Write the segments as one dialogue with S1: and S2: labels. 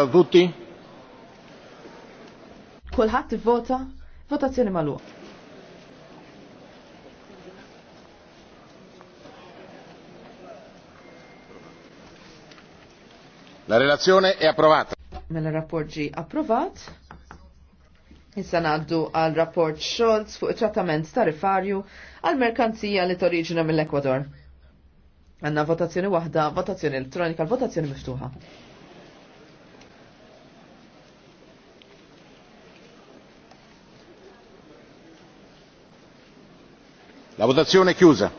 S1: Voti.
S2: Kulħadd ivvota votazzjoni magħluq.
S3: La relazione è approvata.
S2: Mela rapport G approvat. Issa ngħaddu għal rapport Scholz fuq it-trattament tarifarju għal merkanzija li toriġina mill-Ekwador. Għanna votazzjoni waħda, votazzjoni elettronika, votazzjoni miftuħa.
S3: La votazione è chiusa.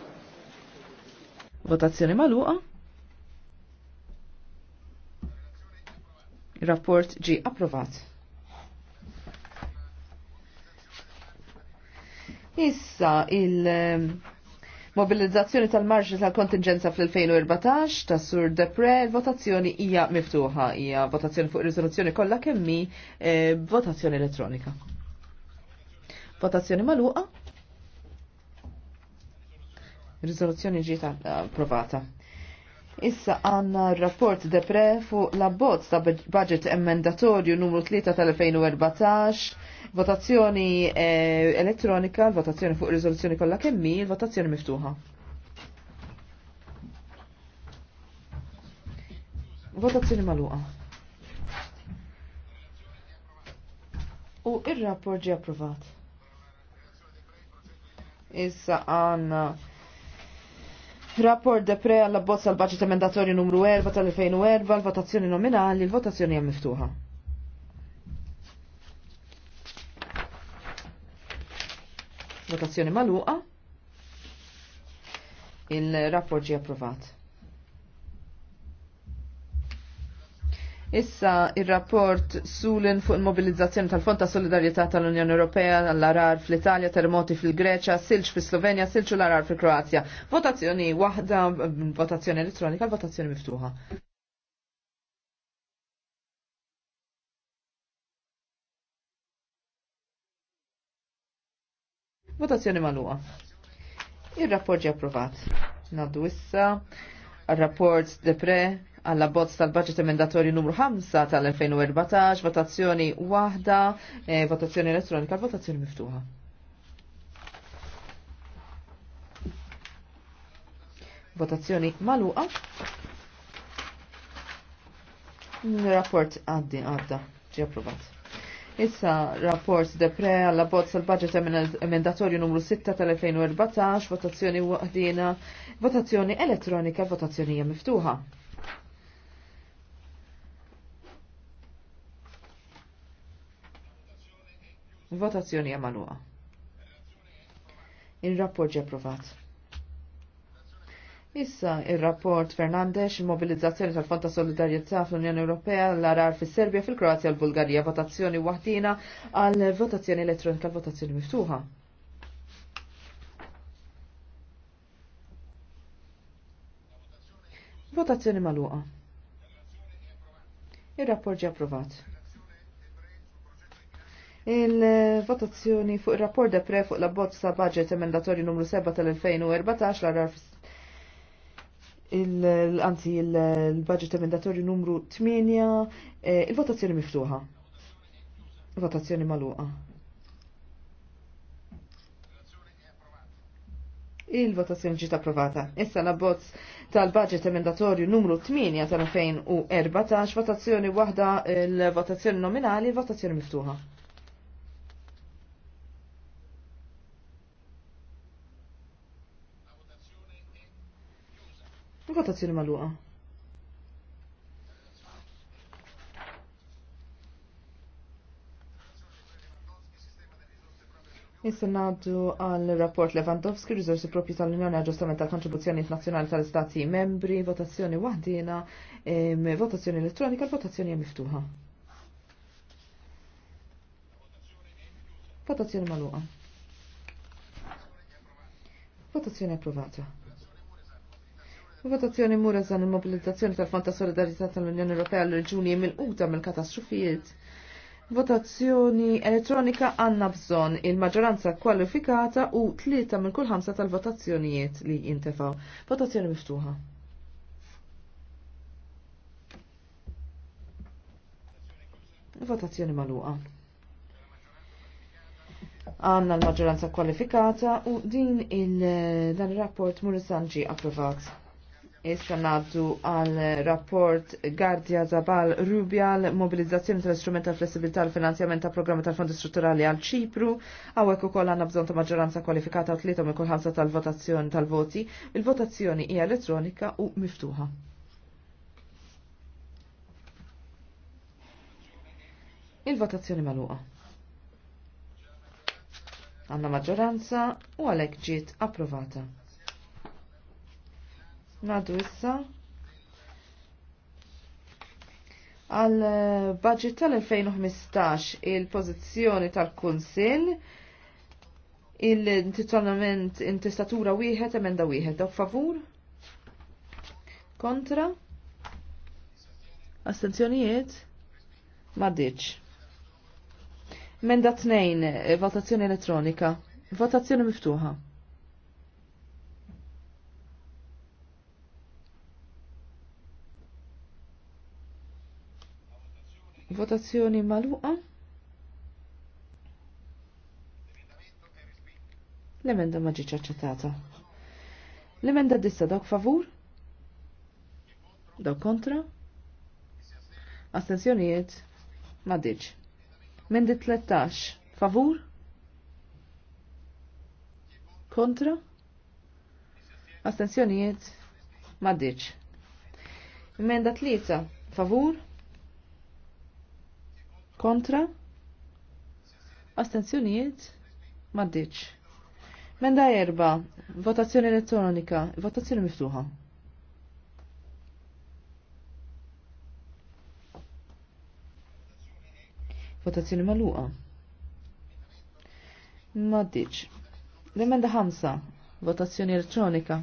S2: Votazione maluqa. Il-rapport G approvat. Issa il- ehm, Mobilizzazzjoni tal-marġi tal-kontingenza fl-2014 ta' Sur Depre, votazzjoni hija miftuħa, hija votazzjoni fuq riżoluzzjoni kollha kemmi eh, votazzjoni elettronika. Votazzjoni maluqa? Rizoluzzjoni ġiet approvata. Issa għanna rapport depre fuq l-abbozz ta' budget emmendatorju numru 3 tal-2014, votazzjoni eh, elettronika, votazzjoni fuq rizoluzzjoni kollha kemmi, votazzjoni miftuħa. Votazzjoni maluqa. U il rapport ġi approvat. Issa għanna Rapport de pre għall bozza l baġit emendatorju numru 4 tal-2004, l-votazzjoni nominali, l-votazzjoni għam miftuħa. Votazzjoni maluqa. Il-rapport ġie approvat. Issa il-rapport Sulin fuq il-mobilizzazzjoni tal-Fond ta' Solidarjetà tal-Unjoni Ewropea għall-arar fl-Italja, terremoti fil-Greċja, silġ fil-Slovenja, silġ u l-arar fil-Kroazja. Votazzjoni waħda, votazzjoni elettronika, votazzjoni miftuħa. Votazzjoni maluwa. Il-rapport ġi approvat. Naddu issa rapport depre għalla bozz tal-budget emendatorju numru 5 tal-2014, votazzjoni wahda, eh, votazzjoni elettronika, votazzjoni miftuħa. Votazzjoni maluqa. Rapport għaddi għadda, ġi approvat. Issa rapport depre għalla bozz tal-budget emendatorju numru 6 tal-2014, votazzjoni waħdina, votazzjoni elettronika, votazzjoni miftuħa. Votazzjoni jamaluqa. Il-rapport ġi approvat. Issa, il-rapport Fernandez, il-mobilizzazzjoni tal-Fond ta' Solidarjetà fl-Unjoni Ewropea l-arar fis serbja fil-Kroazja l bulgarija votazzjoni waħdina għal votazzjoni elettronika votazzjoni miftuħa. Votazzjoni maluqa. Il-rapport ġi approvat. Il-votazzjoni fuq il-rapport depre fuq la bozza budget emendatorju numru 7 tal-2014 l-arar fis anzi il-budget emendatorju numru 8, eh, il-votazzjoni miftuħa. Votazzjoni maluqa. Il-votazzjoni ġiet approvata. Issa la bozz tal-budget emendatorju numru 8 tal-2014, votazzjoni waħda il-votazzjoni nominali, il-votazzjoni miftuħa. Votazzjoni maluqa. Issa naddu għal rapport Lewandowski, rizorsi propju tal-Unjoni Aġġustament tal-Kontribuzzjoni Nazzjonali tal-Istati Membri, votazzjoni waħdina, votazzjoni elettronika, votazzjoni miftuħa. Votazzjoni maluqa. Votazzjoni approvata. Votazzjoni mura zan il-mobilizzazzjoni tal-Fond ta' tal-Unjoni Ewropea l-Reġuni mill uta mill-katastrofijiet. Votazzjoni elettronika għanna bżon il-maġġoranza kwalifikata u tlieta minn kull ħamsa tal-votazzjonijiet li jintefaw. Votazzjoni miftuħa. Votazzjoni maluqa għanna l-maġġoranza kwalifikata u din il il-rapport mur sanġi approvat. Issa naddu għal rapport Gardja Zabal Rubja l mobilizzazzjoni tal-istrument tal-flessibilità tal finanzjament ta' programmi tal-fondi strutturali għal ċipru. Għawek u koll għanna bżon ta' maġġoranza kwalifikata u tlietom ikul ħamsa tal-votazzjoni tal-voti. Il-votazzjoni hija elettronika u miftuħa. Il-votazzjoni maluqa. Għanna maġġoranza u għalek ġiet approvata. Nadu issa għal budget tal-2015 il-pozizjoni tal-Kunsil il-intitolament intestatura wieħed emenda wieħed dawk favur kontra astenzjonijiet maddiċ Menda 2 votazzjoni elettronika votazzjoni miftuħa Votazzjoni maluqa. L-emenda ma ġiċ aċċettata. L-emenda dissa dawk favur? Dawk kontra? Astenzjonijiet? Ma diċ. Mendi 13. Favur? Kontra? Astenzjonijiet? Ma diċ. Emenda 3. Favur? kontra, astenzjonijiet, maddiċ. Menda erba, votazzjoni elettronika, votazzjoni miftuħa. Votazzjoni maluqa. Maddiċ. L-emenda ħamsa, votazzjoni elettronika,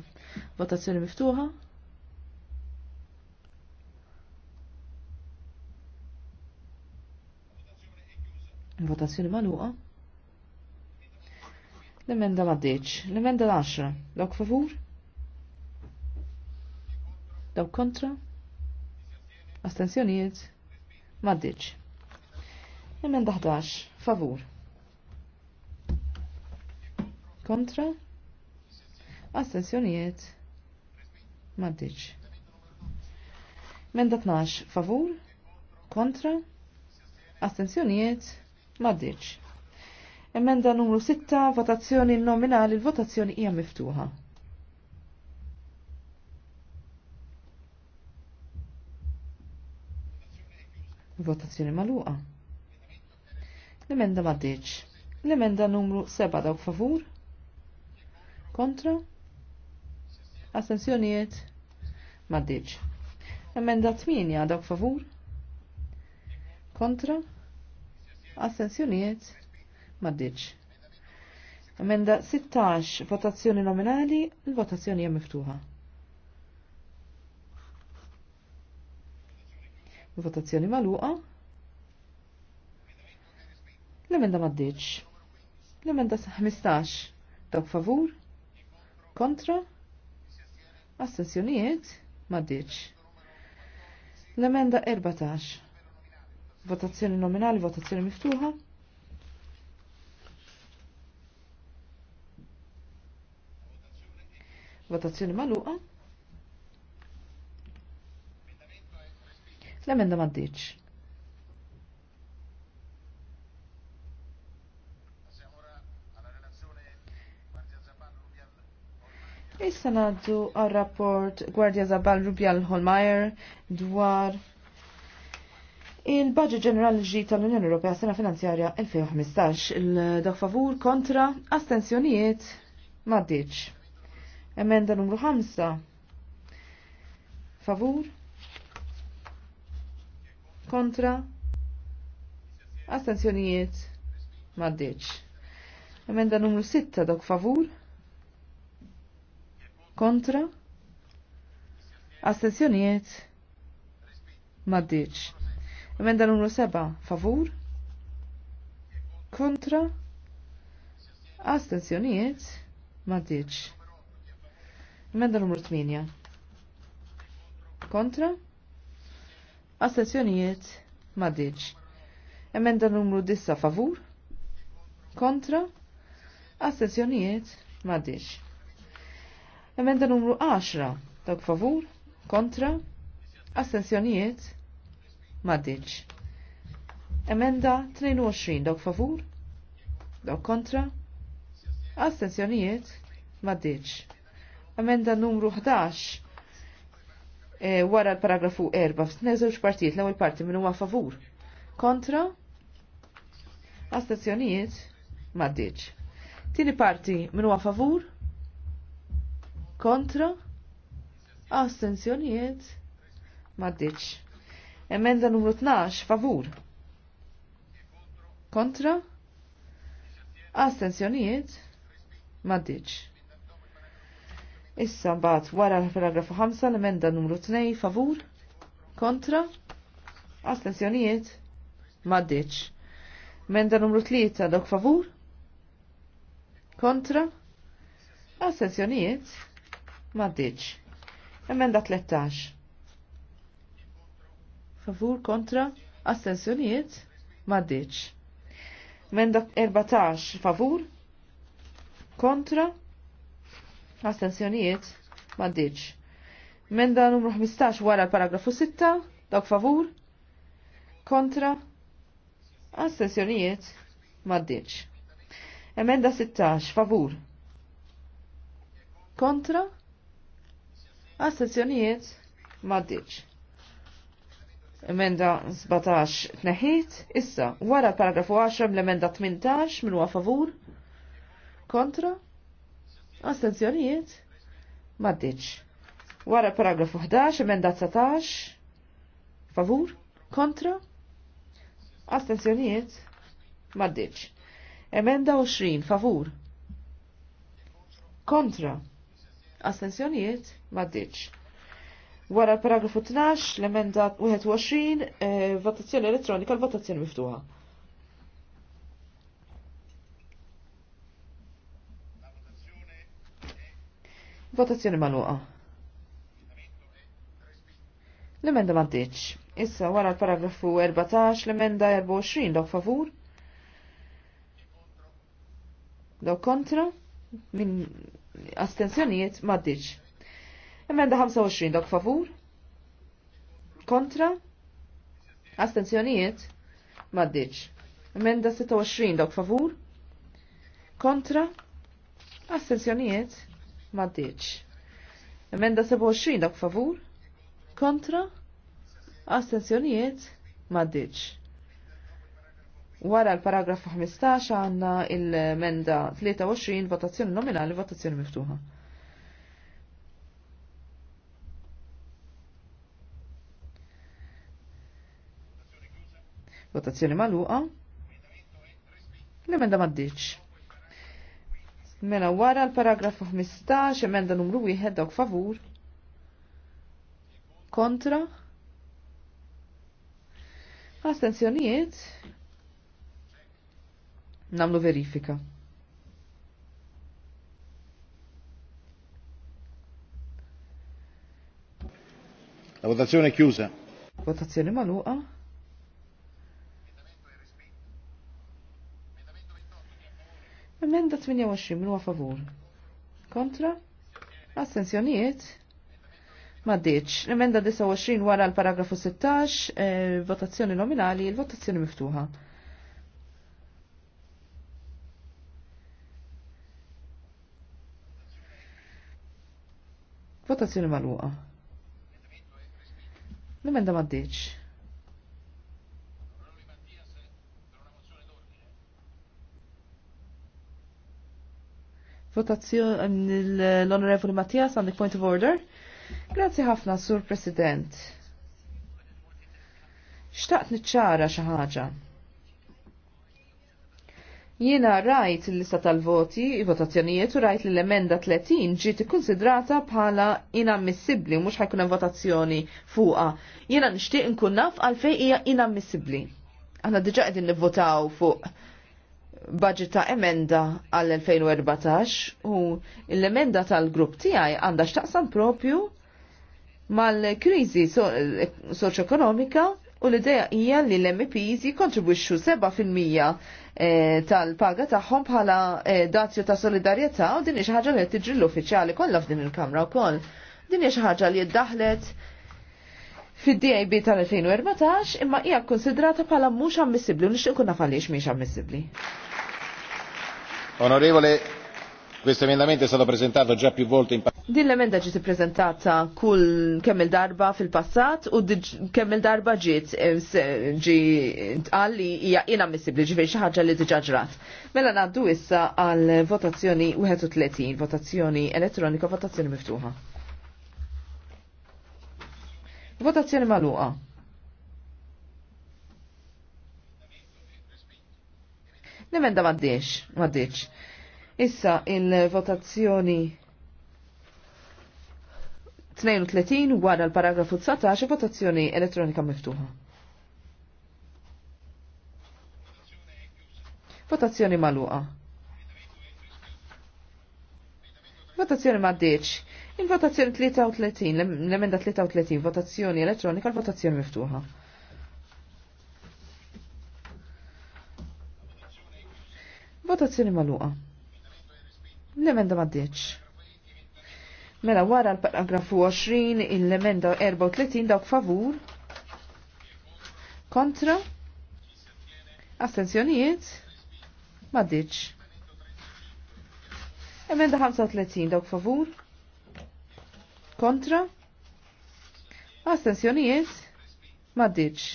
S2: votazzjoni miftuħa. Il-votazzjoni maluqa. L-emenda deċ. L-emenda 10. Dawk favur? Dawk kontra? Astenzjonijiet? deċ. L-emenda 11. Favur? Kontra? Astenzjonijiet? Maddeċ. Menda 12. Favur? Kontra? Astenzjonijiet? Maddiċ. Emenda numru 6, votazzjoni nominali, l votazzjoni hija miftuħa. Votazzjoni maluqa. L-emenda maddiċ. L-emenda numru 7 dawk favur? Kontra? Astensjonijiet? Maddiċ. Emenda 8 dawk favur? Kontra? Astenzjonijiet? Maddiċ. Emenda 16, votazzjoni nominali, il-votazzjoni hija miftuħa. Votazzjoni maluqa. L-emenda maddiċ. L-emenda 15, dawk favur, kontra, astenzjonijiet, maddiċ. L-emenda 14, Votazzjoni nominali, votazzjoni miftuħa. Votazzjoni maluqa. L-emenda maddiċ. Issa naddu għal rapport Gwardja Zabal Rubial Holmeyer dwar Il-Budget Ġenerali ġi tal-Unjoni Ewropea sena finanzjarja 2015 il-dak favur kontra astensjonijiet maddiċ. Emenda numru 5. Favur kontra astensjonijiet maddiċ. Emenda numru 6 dak favur kontra astensjonijiet maddiċ. Emenda numru 7, favur? Kontra? Astenzjonijiet? Maddiċ. Emenda numru 8. Kontra? Astenzjonijiet? Maddiċ. Emenda numru 10, favur? Kontra? Astenzjonijiet? Maddiċ. Emenda numru 10, dog favur? Kontra? Astenzjonijiet? Maddiċ. Emenda 22 dawk favur? Dawk kontra? Astenzjonijiet? Maddiċ. Emenda numru 11 e, eh, wara l-paragrafu 4 f'tneżewġ partijiet l-ewwel parti minnu huwa favur. Kontra? Astenzjonijiet? Maddiċ. Tieni parti minnu huwa favur? Kontra? Astenzjonijiet? Maddiċ. Emenda numru 12, favur. Kontra? Astenzjonijiet? Maddiċ. Issa mbagħad wara l-paragrafu 5 l-emenda numru 2 favur? Kontra? Astenzjonijiet? Maddiċ. Emenda numru 3 dok favur? Kontra? Astenzjonijiet? Maddiċ. Emenda 13 favur kontra astensjonijiet maddiċ. Menda 14 favur kontra astensjonijiet maddiċ. Menda numru 15 wara l-paragrafu 6 dak favur kontra astensjonijiet maddiċ. Emenda 16 favur kontra astensjonijiet maddiċ. Emenda 17 tneħit, issa wara paragrafu 10 l-emenda 18 minn huwa favur, kontra, astenzjonijiet, maddiċ. Wara paragrafu 11, emenda 19, favur, kontra, astenzjonijiet, maddiċ. Emenda 20, favur, kontra, astenzjonijiet, maddiċ. Wara l-paragrafu 12, l-emenda 21, eh, votazzjoni elettronika, l-votazzjoni miftuħa. Votazzjoni maluqa. L-emenda ma Issa wara l-paragrafu 14, l-emenda 24, daw favur. Dawk kontra, minn astensjonijiet ma Emenda 25 dok favur? Kontra? Astenzjonijiet? Maddiċ. Emenda 26 dok favur? Kontra? Astenzjonijiet? Maddiċ. Emenda 27 dok favur? Kontra? Astenzjonijiet? Maddiċ. Wara l-paragrafu 15 għanna il-menda 23 votazzjoni nominali, votazzjoni miftuħa. Votazzjoni maluqa. L-emenda maddiċ. Mela wara l-paragrafu 15, emenda numru 1, dawk favur. Kontra. Astenzjonijiet. Namlu verifika.
S3: La votazione è chiusa.
S2: Votazione maluqa. Emenda 28 minu favor? Kontra? Astenzjonijiet? Maddiċ. Emenda 29 wara l-paragrafu 16, eh, votazzjoni nominali, il-votazzjoni miftuħa. Votazzjoni maluqa. L-emenda maddiċ. Votazzjoni l-Onorevoli Mattias the point of order. Grazzi ħafna, Sur President. Xtaqt niċċara xi ħaġa. Jiena rajt l-lista tal-voti, votazzjonijiet u rajt li l-emenda 30 ġiet ikkunsidrata bħala inammissibbli u mhux ħajkun hemm votazzjoni fuqha. Jiena nixtieq nkun naf għalfejn hija inammissibbli. Aħna diġà qegħdin nivvotaw fuq budget ta' emenda għall-2014 u l-emenda tal-grupp tiegħi għandha x'taqsam propju mal-kriżi soċ-ekonomika u l-ideja hija li l-MPs jikontribwixxu 7% eh, tal-paga tagħhom bħala eh, dazju ta' solidarjetà u din hija ħaġa li tiġri l-uffiċjali kollha f'din il-Kamra wkoll. Din hija ħaġa li ddaħlet fid-DIB tal-2014 imma hija konsidrata bħala mhux ammissibbli u nixtieq kun naf għaliex mhix ammissibbli.
S3: Onorevole, è già più
S2: Din l-emenda ġiet ippreżentata kull kemm il-darba fil-passat u kemm il-darba ġiet eh, ġi tqal li hija inammissibbli ġifieri xi ħaġa li diġà ġrat. Mela ngħaddu issa għal votazzjoni 31, votazzjoni elettronika, votazzjoni miftuħa. Votazzjoni magħluqa. L-emenda maddiex, maddiex. Issa il-votazzjoni 32 wara l-paragrafu 19 votazzjoni elettronika miftuħa. Votazzjoni maluqa. Votazzjoni maddiex. Il-votazzjoni 33, l-emenda 33, votazzjoni elettronika, l-votazzjoni miftuħa. Votazzjoni maluqa. L-emenda maddiċ. Mela wara l-paragrafu 20 il-emenda 34 dawk favur. Kontra. Astenzjonijiet. Maddiċ. Emenda 35 dawk favur. Kontra. Astenzjonijiet. Maddiċ.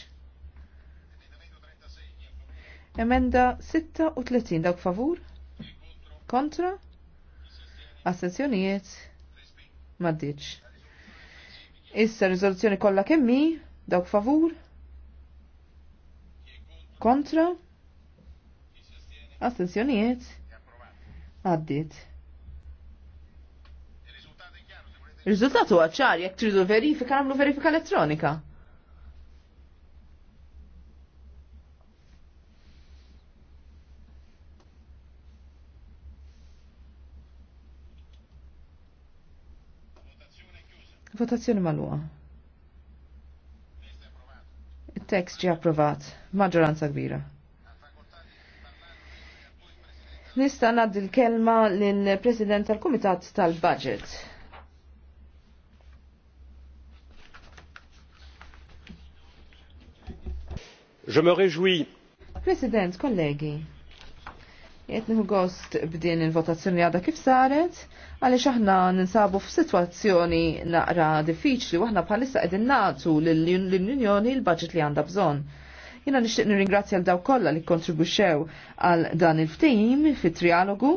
S2: Emenda 36 dawk favur? Kontra? Assenzjonijiet? Maddiċ. Issa rizoluzzjoni kollha kemmi? Dawk favur? Kontra? Astenzjonijiet? Għaddit. Rizultatu għacċar, jek tridu verifika, għamlu verifika elettronika. Votazzjoni maluqa. Il-tekst ġi approvat, maġġoranza kbira. Nista' ngħaddi l-kelma lill-President tal-Kumitat tal-Budget.
S1: Je me réjouis.
S2: President, kollegi, Jett gost b'din il-votazzjoni għada kif saret, għaliex aħna ninsabu f'sitwazzjoni naqra diffiċli u aħna bħalissa qegħdin nagħtu lill-Unjoni l-budget li għandha bżonn. Jiena nixtieq nirringrazzja l daw kollha li kontribuċew għal dan il ftim fit-trialogu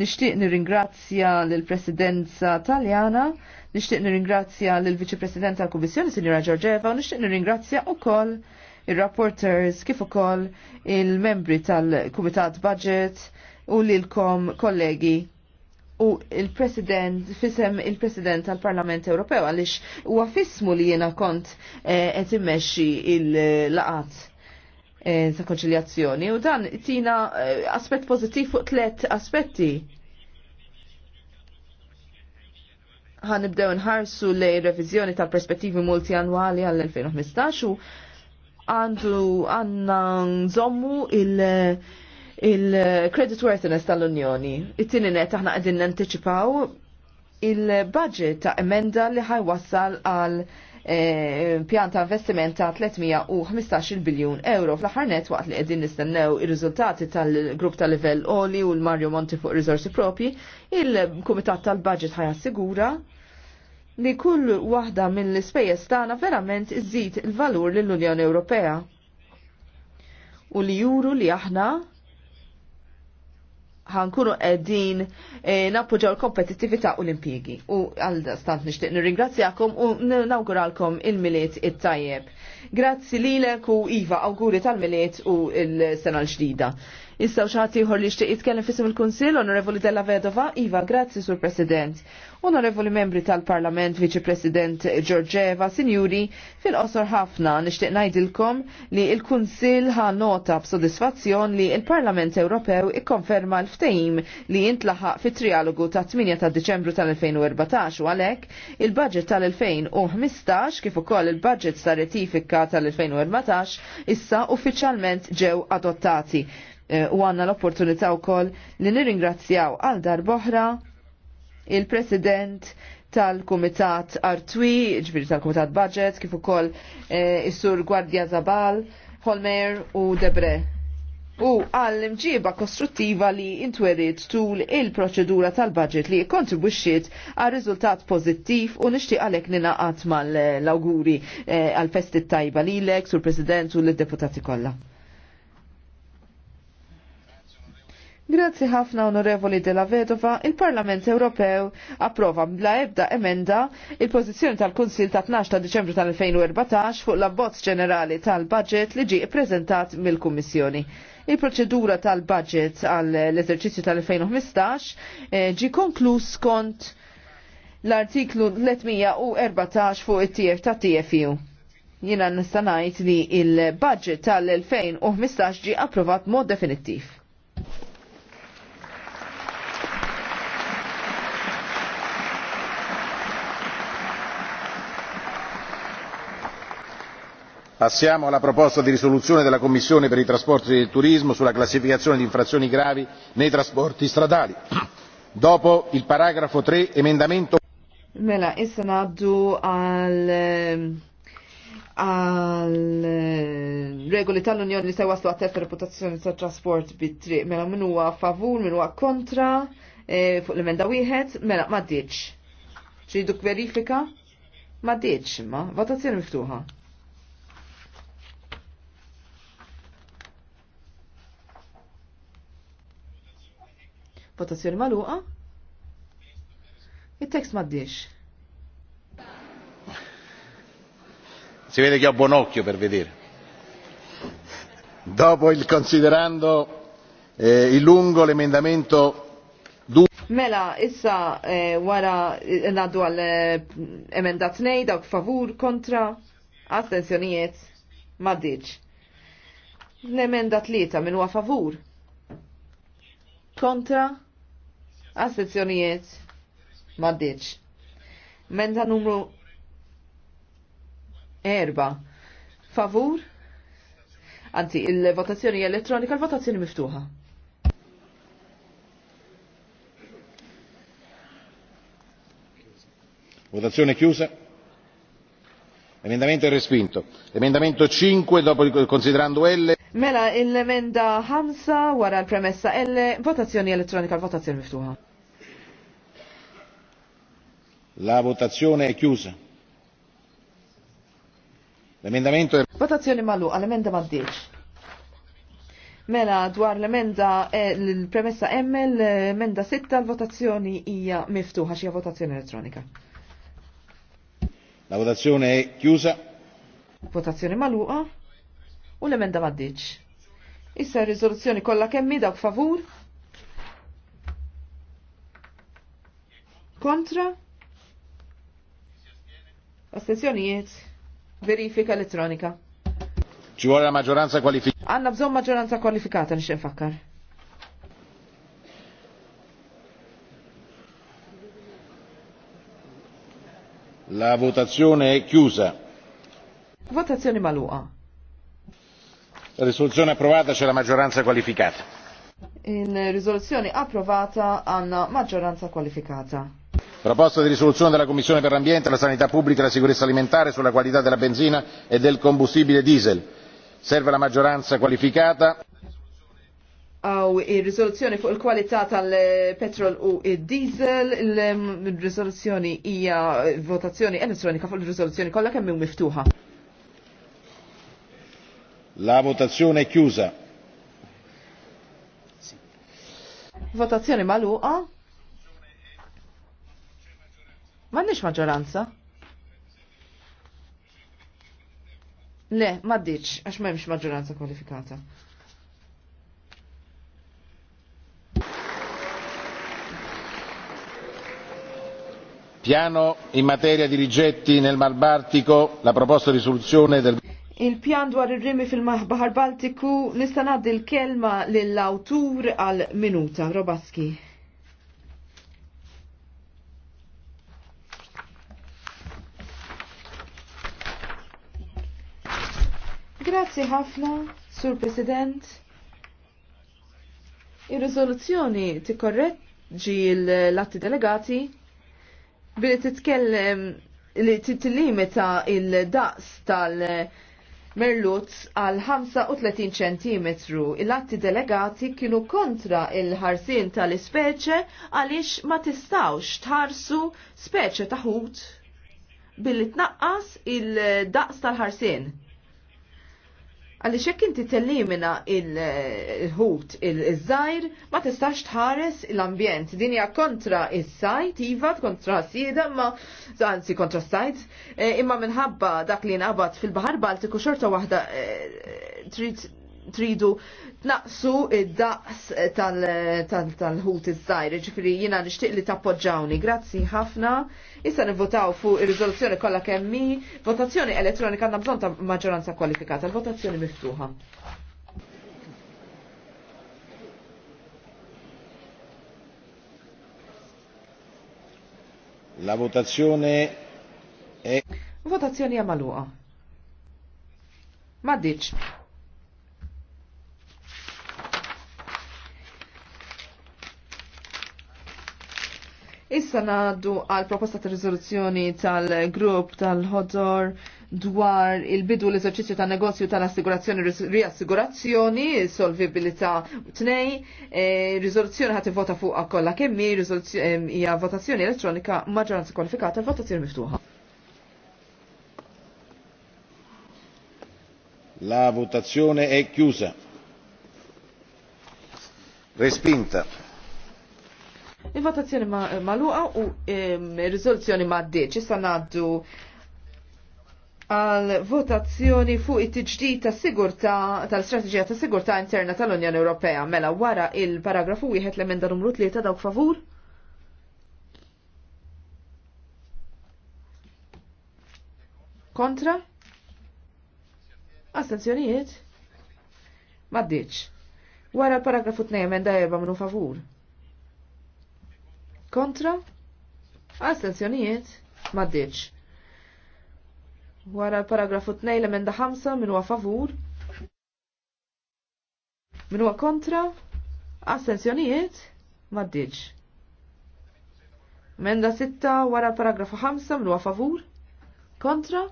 S2: Nishtiq nirringrazzja l-Presidenza Taljana, nishtiq nirringrazzja l-Viċi-President tal-Kummissjoni, Signora Giorgeva, u nir nirringrazzja u koll il-rapporters kif ukoll il-membri tal-Kumitat Budget u lilkom kollegi u il-President, fisem il-President tal-Parlament Ewropew għalix u għafismu li jena kont eh, qed immexxi il-laqat eh, ta' konċiljazzjoni u dan tina eh, aspett pozittiv fuq tlet aspetti. nibdew nħarsu lej revizjoni tal-perspettivi multianwali għall-2015 u għandu għanna nżommu il- il-credit worthiness tal-Unjoni. It-tini net aħna qegħdin anticipaw il-budget ta' emenda li ħajwassal għal eh, pjan ta' investiment ta' 315 biljun euro fl-aħħar net waqt li qegħdin nistennew ir-riżultati tal-grupp ta' livell oli u l-Mario Monti fuq rizorsi propi, il-Kumitat tal-Budget ħajassigura sigura li kull waħda mill-ispejjeż tagħna verament iżid il-valur lill-Unjoni Ewropea. U li juru li aħna ħankunu qegħdin e, nappoġġaw l-kompetittività u l-impjiegi. U għal stant nixtieq nirringrazzjakom u nawguralkom il-miliet it-tajjeb. Grazzi lilek u Iva auguri tal-miliet u l-sena l-ġdida. Issa xaħat iħor li xtiq jitkellem fissim il-Kunsil, Onorevoli Della Vedova, Iva, grazzi sur President. Onorevoli membri tal-Parlament, Viċi President Giorgeva, Sinjuri, fil-qosor ħafna nixtieq ngħidilkom li il-Kunsil ħa nota b'sodisfazzjon li il-Parlament Ewropew ikkonferma l-ftehim li jintlaħaq fit-trialogu ta' 8 ta' Deċembru tal-2014 u għalhekk il-budget tal-2015 kif ukoll il-budget ta' retifika tal-2014 issa uffiċjalment ġew adottati. Eh, u għanna l-opportunità wkoll li nirringrazzjaw għal dar boħra il-President tal-Kumitat Artwi, ġbir tal-Kumitat Budget, kif ukoll eh, is-Sur Gwardja Zabal, Holmer u Debre. U għall-imġiba kostruttiva li intwerit tul il-proċedura tal-budget li kontribwixxiet għal riżultat pozittiv u nixtieq għalhekk għatma mal-awguri eh, għal-festit tajba lilek, sur President u l-deputati kollha. Grazzi ħafna onorevoli della Vedova, il-Parlament Ewropew approva bla ebda emenda il-pożizzjoni tal-Kunsil ta' 12 ta' Deċembru tal-2014 fuq l-abbozz ġenerali tal-budget li ġie ppreżentat mill-Kummissjoni. Il-proċedura tal-budget għall-eżerċizzju tal-2015 eh, ġi konkluż skont l-artiklu 314 fuq it-tief ta' TFU jina nistanajt li il-budget tal-2015 ġi approvat mod definittiv.
S3: passiamo alla proposta di risoluzione della commissione per i trasporti e il turismo sulla classificazione di infrazioni gravi nei trasporti stradali dopo il paragrafo tre emendamento.
S2: mela issa ngħaddu għal għal ehm, ehm, regoli tal-Unjoni li se waslu għat reputazzjoni tal trasport bit-triq. Mela minn huwa favur, minn huwa kontra, e, fuq l-emenda wieħed, mela ma ditx. Ċriduk verifika? Ma ditx, ma votazzjoni miftuħa. Votazzjoni maluqa. Il-tekst maddix.
S3: Si vede che ho buon occhio per vedere. Dopo il considerando eh, il lungo l'emendamento
S2: Mela, issa eh, wara eh, naddu għal eh, emendat nej, dawk favur, kontra, Attenzjonijiet maddiċ. L-emenda tlieta minn huwa favur. Kontra, għas-sezzjonijiet maddiċ. Menda numru erba. Favur? Anzi, il-votazzjoni elettronika, il-votazzjoni miftuħa.
S3: Votazione chiusa. Emendamento è respinto. Emendamento 5, dopo il considerando L.
S2: Mela, l-emenda 5 wara l-premessa L, votazzjoni elettronika, votazzjoni miftuħa.
S3: La votazione è chiusa.
S2: L-emendamento è... Votazzjoni malu, għal-emenda maddiċ. Mela, dwar l-emenda, eh, l-premessa M, l-emenda 6, l-votazzjoni hija miftuħa xija votazzjoni elettronika.
S3: La votazzjoni è chiusa.
S2: Votazzjoni maluqa u l-emenda maddiċ. Issa r-rizoluzzjoni kollha kemmi dawk favur? Kontra? Astenzjonijiet? Verifika elettronika.
S3: Ci vuole la maggioranza qualificata.
S2: Għanna bżon maġġoranza kwalifikata nixen nfakkar.
S3: La votazione è chiusa.
S2: Votazione maluqa.
S3: La risoluzione approvata c'è la maggioranza qualificata.
S2: In risoluzione approvata hanno maggioranza qualificata
S3: proposta di risoluzione della commissione per l'ambiente la sanità pubblica e la sicurezza alimentare sulla qualità della benzina e del combustibile diesel serve la maggioranza qualificata
S2: għaw il-rizoluzzjoni e fuq il-kwalità tal-petrol eh, u il-diesel, e il-rizoluzzjoni mm, hija eh, votazzjoni elettronika fuq il-rizoluzzjoni kollha kemm miftuħa.
S3: La votazione è chiusa.
S2: Votazzjoni maluqa. M'għandniex maġġoranza. Le, m'għaddiċ, għax m'hemmx maġġoranza kwalifikata.
S3: Piano in materia di rigetti nel Mar Baltico, la proposta di risoluzione del
S2: Il-pjan dwar ir-rimi fil-Maħbahar Baltiku nista' l-kelma lill-awtur għal minuta Robaski. Grazzi ħafna, Sur President. Ir-riżoluzzjoni tikkorreġġi l-atti delegati billi titkellem li titlimita il-daqs tal- Merluz għal 35 cm. Il-atti delegati kienu kontra il-ħarsin tal-ispeċe għaliex ma tistawx tħarsu speċe taħut billi tnaqqas il-daqs tal-ħarsin. Għalli xek inti tellimina il-ħut il-żajr, ma tistax tħares l-ambjent. Dinja kontra il-sajt, iva, kontra s-sieda, ma anzi kontra s-sajt, eh, imma minħabba dak li nqabad fil-Bahar Baltiku xorta wahda eh, trid tridu tnaqsu id-daqs tal-ħut iż-żajr, ġifiri jina nixtieq li tappoġġawni. Grazzi ħafna. Issa nivvotaw fuq ir-riżoluzzjoni kollha kemmi. Votazzjoni elettronika għandna bżonn ta' maġġoranza kwalifikata, l-votazzjoni miftuħa.
S3: La votazione è...
S2: Votazzjoni Ma Maddiċ. Issa naddu għal proposta ta' rizoluzzjoni tal-grupp tal-ħodor dwar il-bidu l-eżerċizzju ta' negozju tal-assigurazzjoni riassigurazzjoni, solvibilità tnej, e, rizoluzzjoni ħati vota fuq kollha kemm hija votazzjoni elettronika maġġoranza kwalifikata votazzjoni miftuħa.
S3: La votazione è chiusa. Respinta.
S2: Il-votazzjoni maluqa u il-rizoluzzjoni ma' Issa naddu għal votazzjoni fuq it-tġdid ta' sigurta tal-strategija ta' sigurta interna tal-Unjoni Ewropea mela wara il-paragrafu wieħed l-emenda numru tlieta dawk favur. Kontra? Astenzjonijiet? Maddiċ. Wara l-paragrafu 2 emenda erba' minu favur kontra, astenzjonijiet, maddiċ. Wara paragrafu 2 l-emenda 5 minn huwa favur, minn huwa kontra, astenzjonijiet, maddiċ. Menda 6 wara paragrafu 5 minn huwa favur, kontra,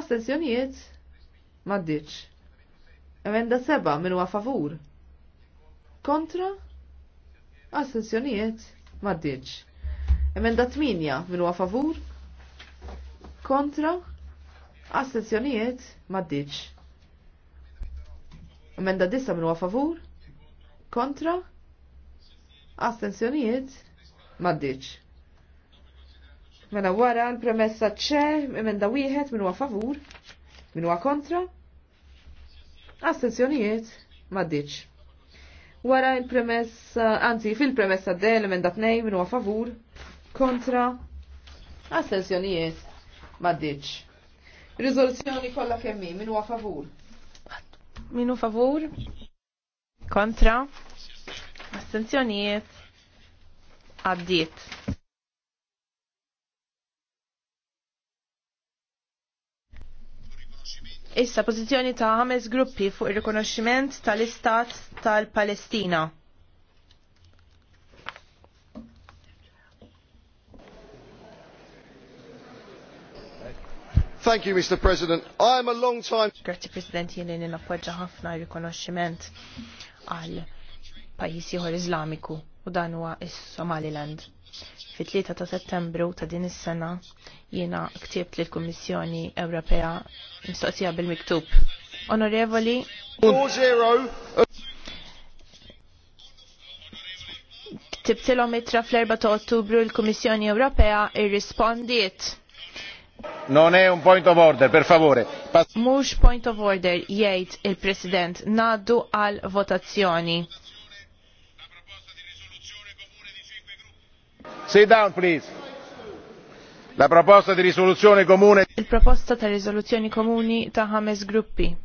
S2: astenzjonijiet, maddiċ. Emenda 7 minn huwa favur, kontra, Astenzjonijiet? Maddiġ. Emenda 8 minu a favur? Kontra? assenzjonijiet? Maddiġ. Emenda dissa minu a favur? Kontra? Astenzjonijiet? Maddiġ. Mela wara l-premessa ċe, emenda wieħed minu huwa favur, minn huwa kontra. Astenzjonijiet, maddiċ. Wara il-premessa, anzi fil-premessa d emenda tnej minn huwa favur kontra assenzjonijiet maddiċ. Rizoluzzjoni kollha kemm min huwa favur.
S4: Minu favur? Kontra? assenzjonijiet Addiet. Issa pożizzjoni ta' ħames gruppi fuq ir-rikonoxximent tal-Istat tal-Palestina.
S3: Thank you, Mr. President.
S4: I am a long time... Grazie, President, jeni n-appoġġa ħafna rikonoxximent għal pajjiż ieħor Iżlamiku u dan huwa is-Somaliland. Fit-3 ta' settembru ta' din is-sena jiena ktiebt lill kummissjoni Ewropea mistoqsija bil-miktub. Onorevoli, ktibtilhom ittra fl-4 ta' Ottubru l-Kummissjoni Ewropea irrispondiet.
S3: Non è un point of order, per favore. Mhux point
S4: of order jgħid il-President ngħaddu għal votazzjoni.
S3: Sit down, please. La proposta di risoluzione comune.
S4: Il proposta ta' risoluzioni comuni ta' Hames gruppi.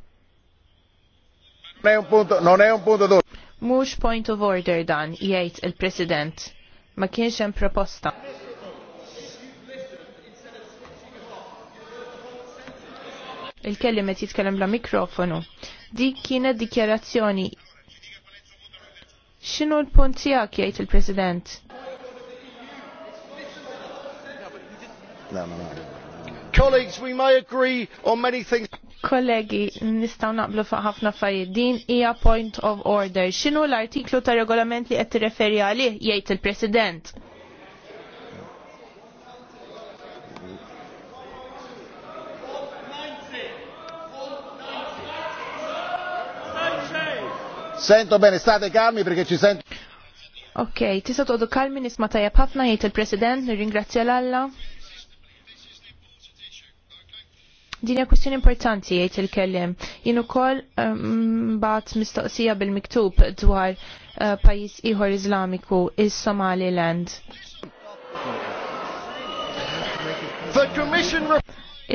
S3: Non è un punto, non è un punto d'ordine.
S4: Mush point of order dan, jgħid il-President. Ma kienx hemm proposta. Il-kellim qed jitkellem bla mikrofonu. Dik kienet dikjarazzjoni. X'inhu l-punt tiegħek jgħid il-President?
S3: Colleagues, we may agree on many things.
S4: Kollegi, nistaw naqblu fuq ħafna affarijiet din hija point of order. X'inhu l-artiklu ta' regolament li qed tirreferi għalih jgħid il-President?
S3: Sento bene, state calmi perché ci sento.
S4: Ok, tista' todu kalmi nisma' tajjeb ħafna jgħid il-President, nirringrazzja l-Alla. Din hija kwestjoni importanti jgħid il kellem Jien ukoll mbagħad mistoqsija bil-miktub dwar eh, pajjiż ieħor Iżlamiku, is-Somaliland.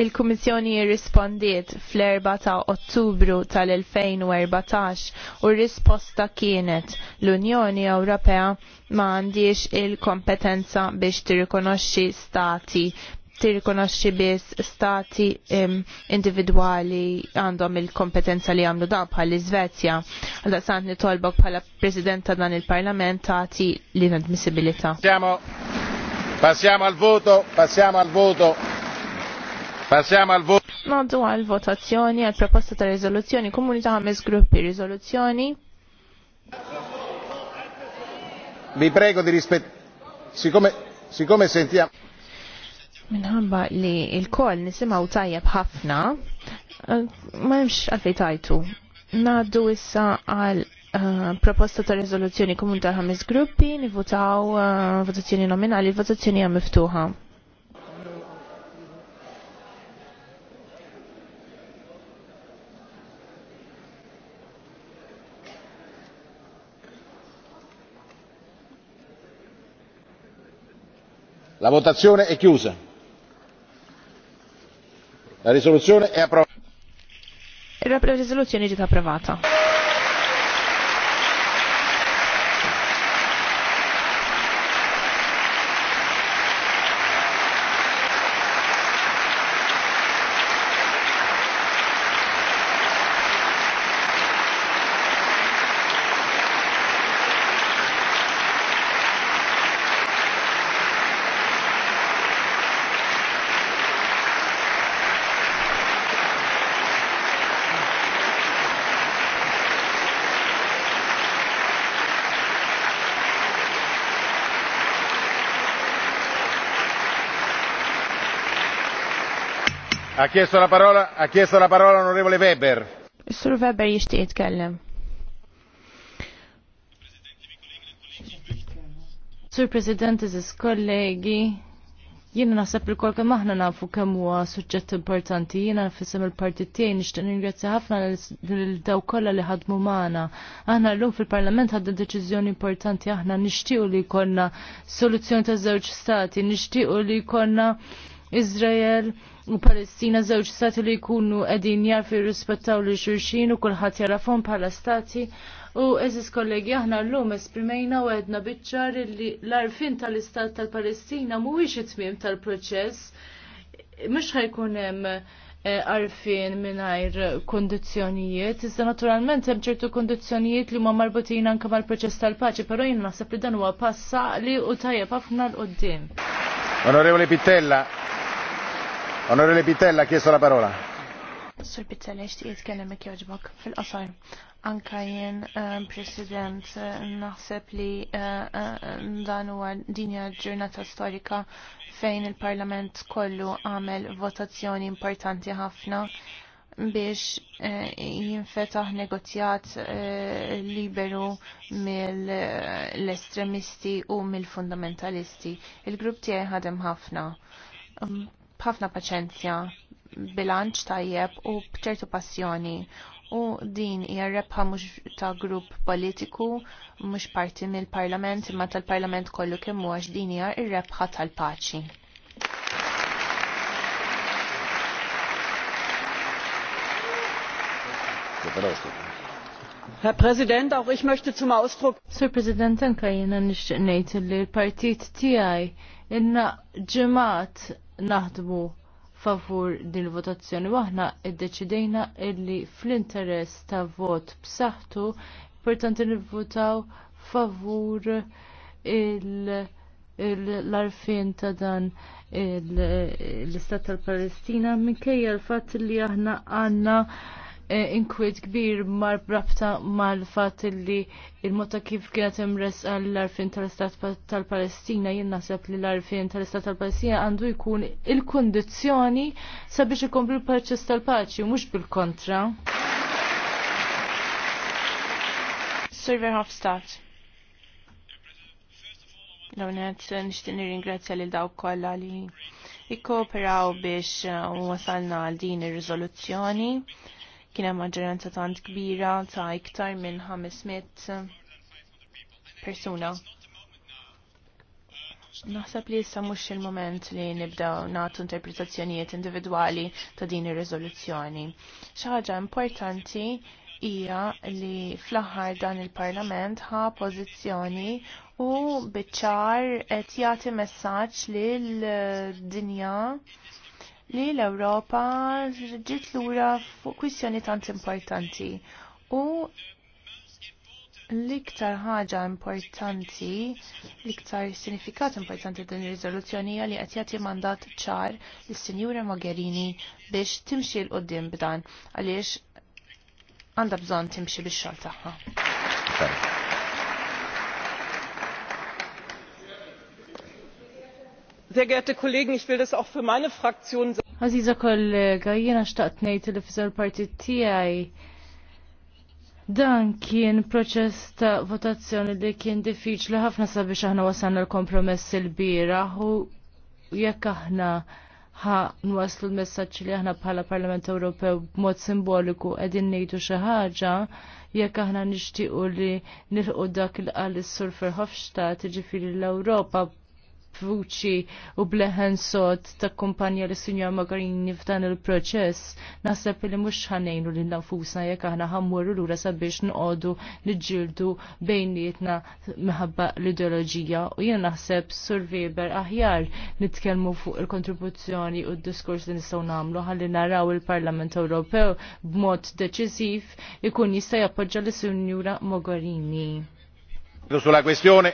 S4: Il-Kummissjoni rispondiet fl-4 ta' Ottubru tal-2014 u r-risposta kienet l-Unjoni Ewropea ma għandiex il-kompetenza biex tirrikonoxxi stati tirrikonoxxi biss stati um, individwali għandhom il-kompetenza li għamlu dan bħal iżvezja Għadda sant nitolbok bħala President ta' dan il-Parlament tagħti
S3: l-inadmissibilità. Passiamo, passiamo al voto, passiamo al voto. Passiamo al voto.
S4: Noddu għal votazzjoni għal proposta ta' rizoluzzjoni komunità ħames gruppi rizoluzzjoni.
S3: Vi prego di rispettare. Siccome, siccome sentiamo.
S4: Minħabba li il-koll nisimaw tajjeb ħafna, eh, ma jemx għalfej tajtu. Naddu issa għal Uh, proposta ta' rezoluzzjoni komun ta' ħames gruppi nivutaw uh, eh, votazzjoni nominali, votazzjoni għam miftuħa.
S3: La votazione è chiusa. La risoluzione è approvata.
S4: risoluzione è approvata.
S3: Ha chiesto la parola, ha chiesto la parola onorevole Weber. Sur Weber
S4: jixtieq jitkellem.
S1: Sur President, eżis kollegi, jiena naħseb il kol kemm aħna nafu kemm huwa suġġett importanti, jiena nfissem il-partit tiegħi nixtieq ningrazzja ħafna lil daw kollha li ħadmu magħna. Aħna llum fil-Parlament ħadna deċiżjoni importanti aħna nixtiequ li jkollna soluzzjoni ta' żewġ stati, nixtiequ li jkollna Izrael u Palestina żewġ stati li jkunu qegħdin jarfu jirrispettaw li xulxin u kulħadd jarafhom bħala stati U eżis kollegi, aħna llum esprimejna u għedna biċċar li l-arfin tal-istat tal-Palestina mhuwiex it-tmiem tal-proċess, mhux ħajkun hemm eh, arfin mingħajr kondizjonijiet. Iżda naturalment hemm ċertu kondizjonijiet li huma marbutin anke mal-proċess tal-paċi, però jien naħseb li dan huwa passa li u tajjeb ħafna l qudiem
S3: Onorevoli Pittella, Onorevole Pitella, chiesto la parola.
S1: Sur Pitella, ixti jitkellem ik joġbok fil
S4: qasar Anka jien eh, President naħseb li eh, eh, dan huwa dinja ġurnata storika fejn il-Parlament kollu għamel votazzjoni importanti ħafna biex jinfetaħ negozjat liberu mill-estremisti u mill-fundamentalisti. Il-grupp tiegħi ħadem ħafna. Um, b'ħafna paċenzja, bilanċ tajjeb u bċertu passjoni u din hija rebħa mhux ta' grupp politiku mhux parti mill-Parlament imma tal-Parlament kollu kemm huwa din hija r-rebħa tal-paċi.
S1: Herr Präsident, auch ich möchte zum Ausdruck. Sir President, anka jena nixtieq ngħid li l-partit tiegħi inna ġemat naħdmu favur din votazzjoni waħna id-deċidejna illi fl-interess ta' vot b'saħħtu importanti nivvotaw favur l-arfin ta' dan l-istat tal-Palestina minkejja l-fatt li aħna għanna E, inkwiet kbir mar brabta mal-fat li il-mota kif kienet imres għall-arfin tal-istat tal-Palestina jien naħseb li l-arfin tal-istat tal-Palestina għandu jkun il-kondizjoni sabiex ikomplu l-parċis tal-paċi, mux bil-kontra. Sir Verhofstadt.
S4: L-għunet, nishtin ringrazzja li dawk kolla li ikkooperaw biex uh, wasalna għal din ir-rizoluzzjoni kien hemm maġġoranza tant kbira ta' iktar minn 500 persuna. Naħseb li issa mhux il-moment li nibdew nagħtu interpretazzjonijiet individwali ta' din ir-riżoluzzjoni. Xi ħaġa importanti hija li fl-aħħar dan il-Parlament ħa pożizzjoni u biċċar qed jagħti messaġġ lil dinja li l-Ewropa ġiet lura fuq kwistjoni tant importanti u l-iktar ħaġa importanti, l-iktar sinifikat importanti din ir-riżoluzzjoni hija li qed jagħti mandat ċar lis-Sinjura Mogherini biex timxi l qudiem b'dan għaliex għandha bżonn timxi bix-xogħol tagħha. Sehr geehrte Kollegen, ich will das auch für meine Fraktion
S1: sagen. kollega, jiena xtaqt ngħid li fiżar partit tiegħi dan kien proċess ta' votazzjoni li kien diffiċli ħafna sabiex aħna wasalna l-kompromess il-bira u jekk aħna ħa nwaslu l messaġġ li aħna bħala Parlament Ewropew b'mod simboliku qegħdin ngħidu xi ħaġa jekk aħna nixtiequ li nilqu dak il qal is-Sur Verhofstadt jiġifieri l-Ewropa b'vuċi u bleħen sod ta' kumpanja li Sinjor Magarini f'dan il-proċess, naħseb li mhux ħanejnu lil nafusna jekk aħna ħammurru lura sabiex nqogħdu niġġieldu bejnietna minħabba l-ideoloġija u jien naħseb Sur Weber aħjar nitkellmu fuq il-kontribuzzjoni u d-diskors li nistgħu nagħmlu ħalli naraw il-Parlament Ewropew b'mod deċiżiv ikun jista' jappoġġa l-Sinjura Mogherini.
S3: Sulla questione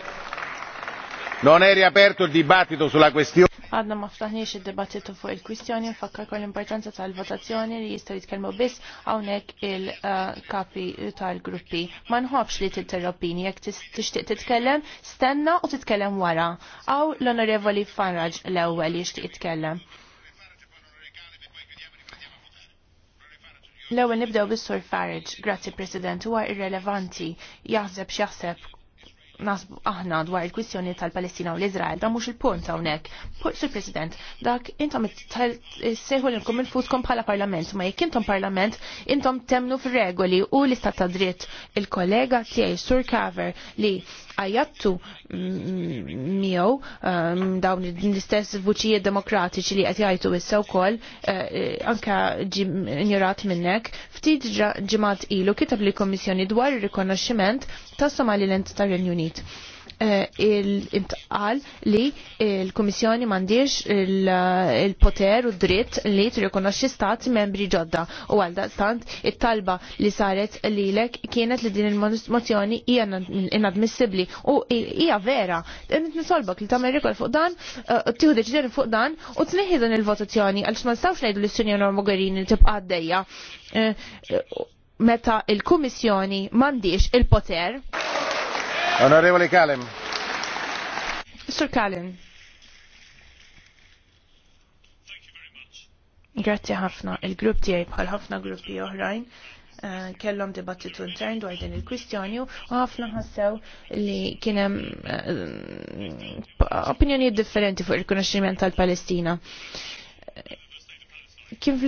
S3: Non è riaperto il dibattito sulla questione.
S1: Għadna ma ftaħniex id fuq il-kwistjoni,
S4: nfakkar kol l-importanza tal-votazzjoni li jistaw jitkellmu biss hawnhekk il-kapi tal-gruppi. Ma nħobbx li titterrobini jekk tixtieq titkellem, stenna u titkellem wara. Aw l-Onorevoli Farraġ l-ewwel jixtieq jitkellem. L-ewwel nibdew bis-Sur Farage, grazzi President, huwa irrelevanti, jaħseb x'jaħseb nasbu aħna dwar il kwissjoni tal-Palestina u l-Izrael, da mux il-punt għawnek. Sur President, dak intom seħu l-inkom il-fuskom bħala parlament, ma jek intom parlament, intom temnu f-regoli u l-istat ta' dritt il-kollega tiegħi Sur Kaver li għajattu miegħu um, dawn l-istess vuċijiet demokratiċi li qed jgħidu issa wkoll eh, eh, anke ignorat minnek, ftit ġimgħat ilu kitab li kommissjoni dwar ir-rikonoxximent ta' Somaliland tar-Renju Unit eh, il-intqal li il-Komissjoni mandiġ il-poter u dritt li t-rikonoxi stati membri ġodda u għalda stant it-talba li saret li lek kienet li din il-mozzjoni hija inadmissibli u hija vera. Nisolbok li tamer rikol fuq dan, eh, tiħu deċiżjoni fuq dan u t-neħi dan il-votazzjoni għal ma stawx ngħidu l-Istunjoni Mogherini tibqa' għaddejja eh, meta il-Kummissjoni mandiġ il-poter.
S3: Onorevole Kalem.
S4: Sur Kalem. Grazzi ħafna. Il-grupp tiegħi bħal ħafna gruppi oħrajn eh, kellhom dibattitu intern dwar din il-kwistjoni u ħafna ħassew li kien hemm eh, opinjonijiet differenti fuq il-rikonoxximent tal-Palestina kien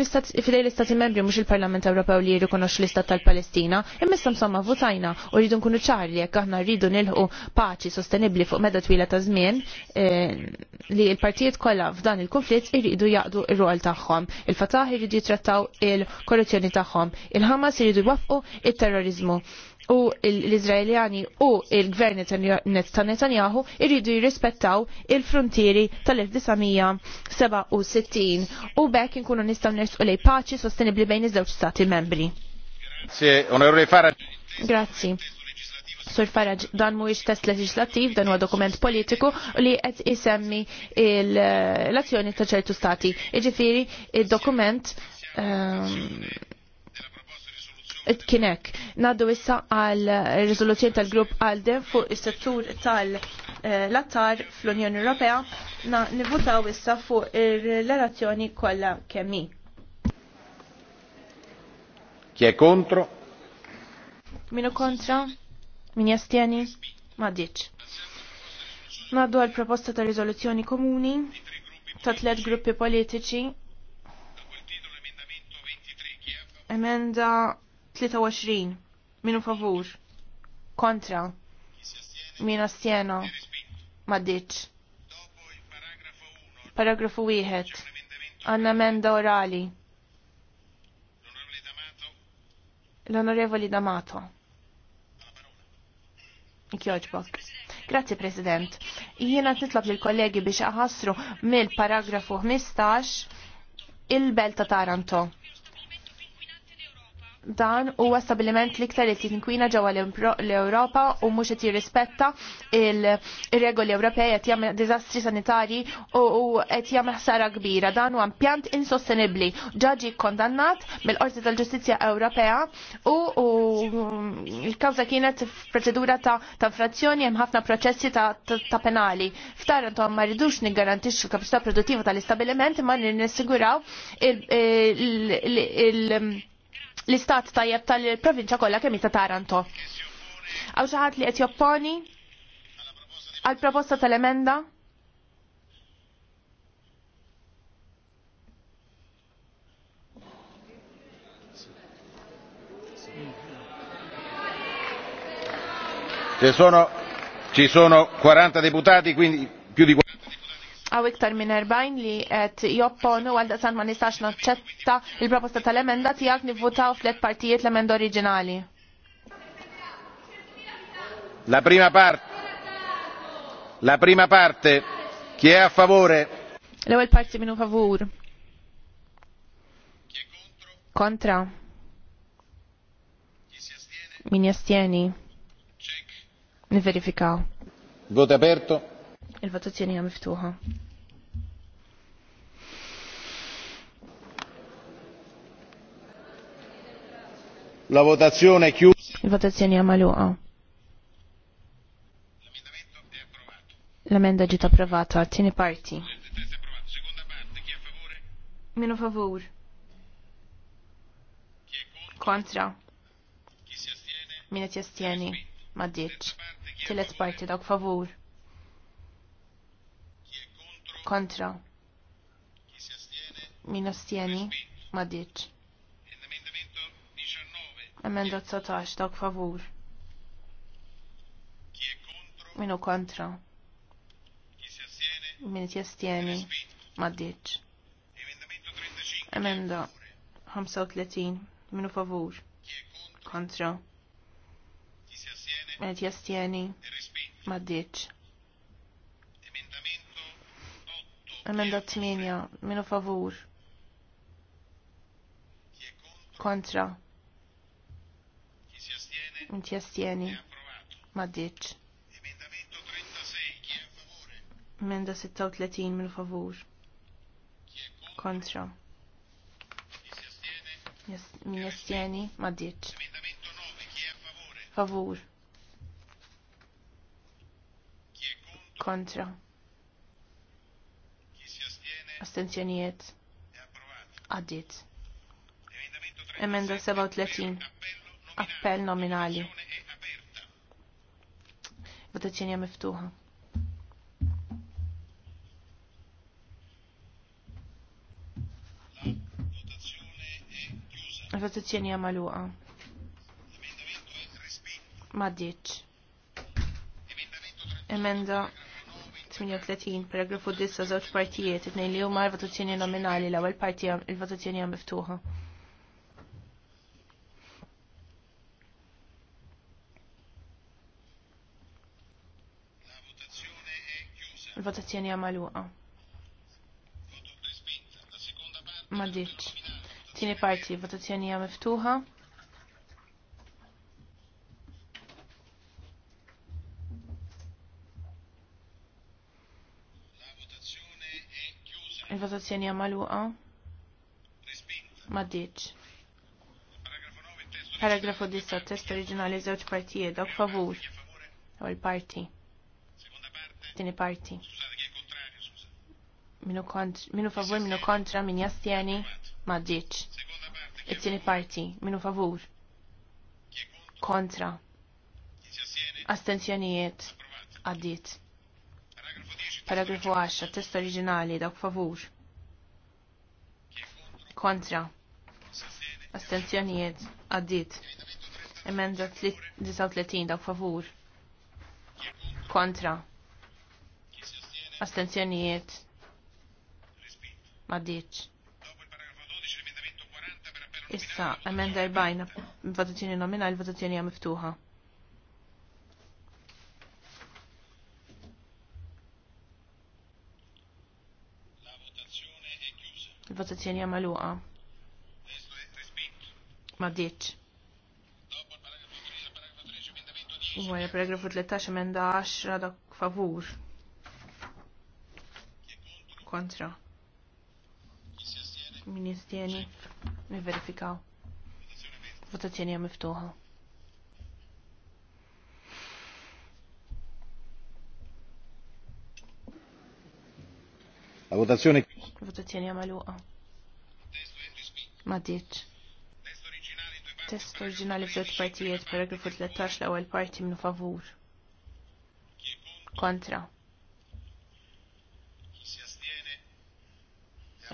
S4: fidej l-Istati membri mhux il-Parlament Ewropew li jirrikonoxx l-Istat tal-Palestina, issa msomma votajna u rridu nkunu ċarli jekk aħna rridu nilħu paċi sostenibbli fuq meda twila ta' żmien eh, li l-partijiet kollha f'dan il-konflitt irridu jaqdu r-rol tagħhom. Il-Fatah irridu jitrattaw il-korruzzjoni tagħhom. Il-Ħamas irridu jwaffqu it-terrorizmu. il korruzzjoni tagħhom il ħamas irridu jwaffqu it terrorizmu il terrorizmu u l-Izraeljani u il-gvern ta' Netanyahu irridu jirrispettaw il-frontieri tal-1967 u bekk inkunu nistgħu nersqu lej paċi sostenibbli bejn iż-żewġ stati membri. Grazie, Sur Farage, dan mhuwiex test leġislattiv, dan huwa dokument politiku li qed isemmi l-azzjoni ta' ċertu stati. Jiġifieri, id-dokument um, kienek. Naddu issa għal rizoluzzjoni tal-grupp għalde fuq is-settur tal attar fl-Unjoni Ewropea na nivutaw issa fuq ir-relazzjoni kollha kemmi.
S3: Chi è contro?
S4: Minu kontra? Min jastieni? Ma ditx. Naddu għal proposta ta' rizoluzzjoni komuni ta' tliet gruppi politiċi. Emenda 23 minu favur kontra minu stjena maddiċ paragrafu 1 għanna menda orali l-onorevoli D'Amato ikjoġbok Grazie President. Jiena nitlob lill kollegi biex aħassru mill-paragrafu 15 il-Belt ta' Taranto dan huwa stabiliment l-iktar li tinkwina ġewwa l-Ewropa u mhux qed jirrispetta il-regoli Ewropej qed jagħmel diżastri sanitarji u qed jagħmel ħsara kbira. Dan huwa impjant insostenibbli ġaġi kondannat mill-Qorti tal-Ġustizzja Ewropea u l-kawża kienet f'proċedura ta' infrazzjoni hemm ħafna proċessi ta' penali. Ftar intom ma rridux niggarantixxu l-kapacità produttiva tal-istabiliment imma nissiguraw il- l-istat tajjeb tal-provinċja kollha kemm ta' Taranto. Għaw xi ħadd li qed jopponi għal proposta tal-emenda?
S3: Ci sono, ci sono 40 deputati, quindi più di 40
S4: għaw iktar minn 40 li qed jopponu għal daqsan ma nistax naċċetta il-proposta tal-emenda tiegħek nivvutaw flet partijiet l-emenda oriġinali.
S3: La prima parte. La prima parte. Chi è a favore?
S4: L-ewwel parti minu favur. astieni? Check. Ne verificavo.
S3: Voto aperto.
S4: Il-votazzjoni hija miftuħa.
S3: La votazione è chiusa.
S4: Il-votazzjoni hija magħluqa. L-emenda ġiet approvata, tieni parti. Minu favur. Kontra. Min qed astieni ma' ditx. Tielet parti dawk favur kontra min astieni ma ditx. Emenda 19 dawk favur. Minu kontra. Min jastieni ma ditx. Emenda 35 minu favur. Kontra. Min jastieni ma ditx. Emenda 8, minu favur. Kontra. Inti astieni. Ma ditx. Emenda 36, minu favur. Kontra. Min astieni. Ma ditx. Favur. Contra astenzjonijiet għaddit. Emenda 37. Appell nominali. Votazzjoni miftuħa. Votazzjoni għamaluqa. Ma Emenda 38 paragrafu 10 żewġ partijiet it li huma l-votazzjoni nominali l-ewwel parti il-votazzjoni hija miftuħa. Il-votazzjoni hija magħluqa. Ma ditx. Tieni parti, votazzjoni hija miftuħa. konversazzjoni għamaluqa. Ma diċ. Paragrafu 10 test oriġinali zewċ partije, dok favur. U l parti. Tini parti. Minu, favur, minu kontra, min jastjeni, ma diċ. Tini parti, minu favur. Kontra. Astenzjonijiet. Għaddit paragrafu 10, test oriġinali, dawk favur. Kontra. Astenzjonijiet, għaddit. Emenda 39, dawk favur. Kontra. Astenzjonijiet. Maddiċ. Issa, emenda 40, votazzjoni nominali, votazzjoni miftuħa. Il-votazzjoni għamaluqa. Ma ditx. Għaj, paragrafu 13, emenda 10, dak favur. Kontra. Min jistieni, mi verifikaw. Votazzjoni għam miftuħa. La votazione. Votazione għamaluqa. Oh. Ma ditx. Test oriġinali f'żewġ partijiet, paragrafu 13 l-ewwel parti minnu favur. Kontra.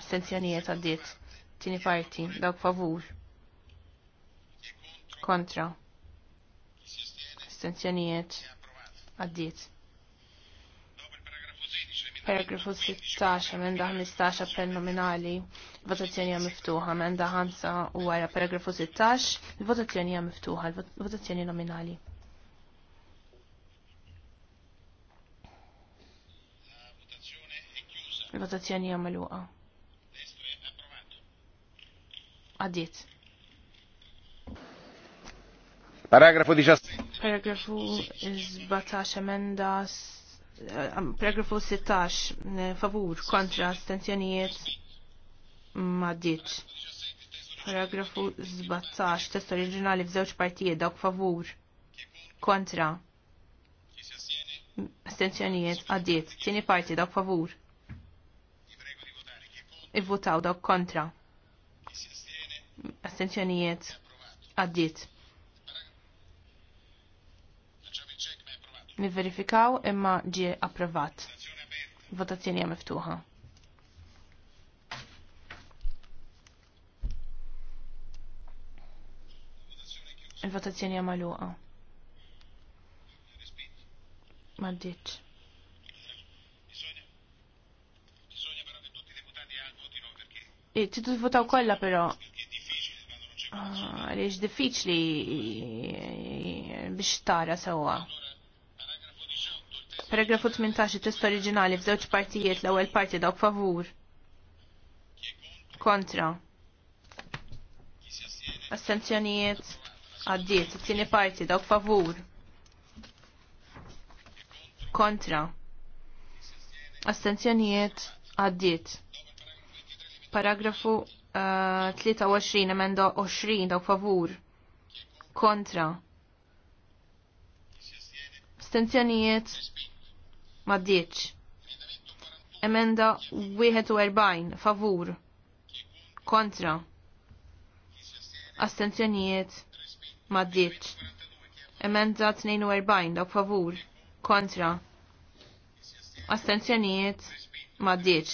S4: Astenzjonijiet għaddiet. Tieni parti, dawk favur. Kontra. Astenzjonijiet għaddiet. Paragrafu 16, emenda 15 appell nominali, votazzjoni hija miftuħa, emenda 5 u għara paragrafu 16, il-votazzjoni hija miftuħa, il-votazzjoni nominali. Il-votazzjoni hija magħluqa. Għaddiet.
S3: Paragrafu 16.
S4: Paragrafu 17 emenda paragrafu 16 favur kontra astenzjonijiet ma ditx. Paragrafu 17 test oriġinali f'żewġ partijiet dawk favur kontra astenzjonijiet għaddiet. Tieni parti dawk favur. Ivvutaw dawk kontra. Astenzjonijiet għaddiet. Niverifikaw imma ġi approvat. Votazzjoni hija miftuħa. Il-votazzjoni hija magħluqa. M'għaddiċ. Eh, Titu votaw kollha però ah, għaliex diffiċli eh, biex tara sewwa. Paragrafu 18 test oriġinali f'żewġ partijiet l-ewwel parti dawk favur. Kontra. Astenzjonijiet għaddiet, it-tieni parti dawk favur. Kontra. Astenzjonijiet għaddiet. Paragrafu 23 eh, emenda 20 dawk favur. Kontra. Astenzjonijiet ma ddiċ. Emenda 41 favur kontra astenzjonijiet ma ddiċ. Emenda 42 dawk favur kontra astenzjonijiet ma ddiċ.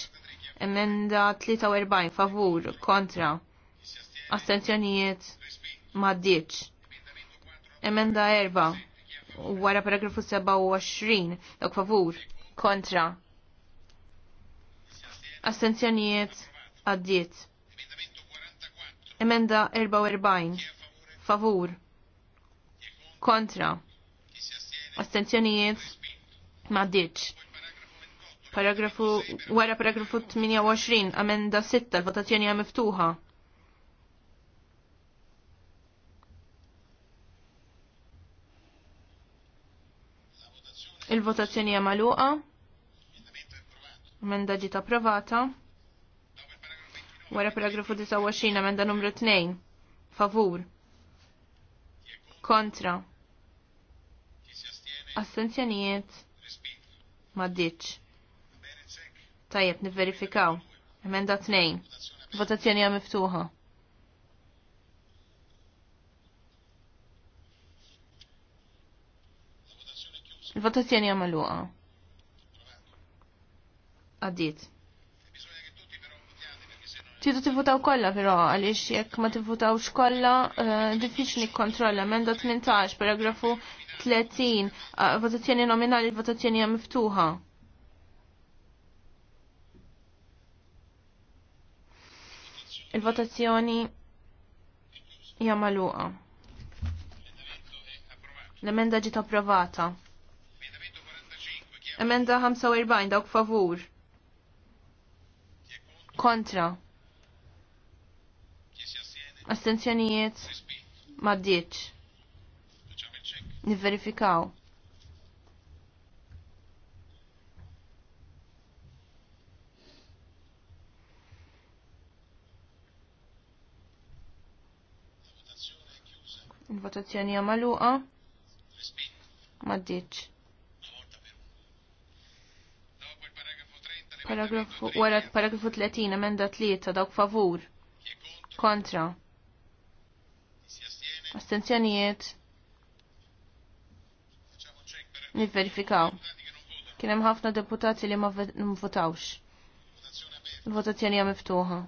S4: Emenda 43 favur kontra astenzjonijiet ma ddiċ. Emenda 4 wara paragrafu 27 dak favur kontra astenzjonijiet għaddiet emenda 44 favur kontra astenzjonijiet ma paragrafu wara paragrafu 28 amenda 6 l-votazzjoni miftuħa Il-votazzjoni hija magħluqa. Emenda ġiet approvata. Wara paragrafu 29 emenda numru 2. Favur. Kontra. Astenzjonijiet. Maddiċ. Tajjeb, nivverifikaw. Emenda 2. Votazzjoni hija miftuħa. Il-votazzjoni hija magħluqa. Għaddiet. Tidu votaw kollha però għaliex jekk ma t-votaw kollha eh, diffiċni kontrolla emenda 18 paragrafu 30 ah, votazzjoni nominali votazzjoni hija miftuħa. Il-votazzjoni hija magħluqa. L-emenda ġiet approvata. Emenda 45 dawk favur. Kontra. Astenzjonijiet ma ddiċ. Niverifikaw. Il-votazzjoni għamaluqa ma Paragrafu, wara paragrafu 30, emenda 3, dawk favur. Kontra. Astenzjonijiet. Nivverifikaw. Kien hemm ħafna deputati li ma votawx. Il-votazzjoni għam miftuħa.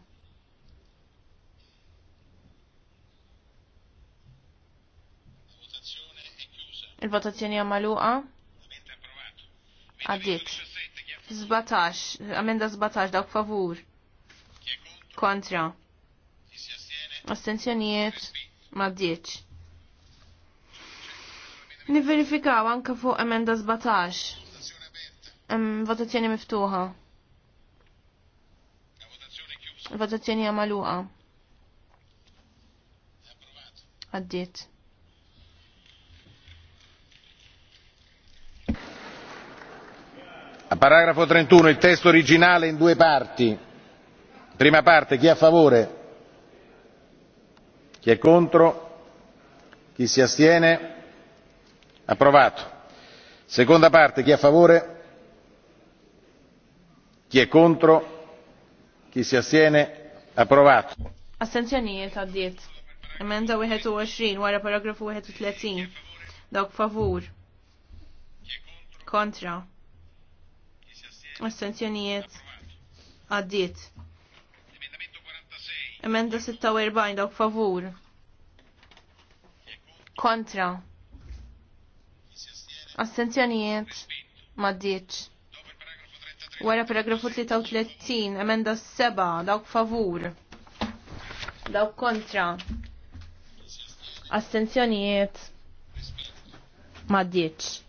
S4: Il-votazzjoni hija magħluqa. Zbatax, amenda zbatax, dawk favur. Kontra. Astenzjonijiet ma' dieċ. Niverifikaw anka fuq emenda zbatax. Votazzjoni miftuħa. Votazzjoni għamaluqa. Għaddiet.
S3: paragrafo trentuno il testo originale in due parti prima parte chi è a favore chi è contro chi si astiene approvato seconda parte chi è a favore chi è contro chi si astiene approvato
S4: astenzjonijiet għaddiet emenda 21 wara paragrafu 31 dawk favur kontra Astenzjonijiet għaddiet. Emenda 46 dawk favur. Kontra. Astenzjonijiet maddiċ. Wara paragrafu 33, emenda 7, dawk favur. Dawk kontra. Astenzjonijiet maddiċ.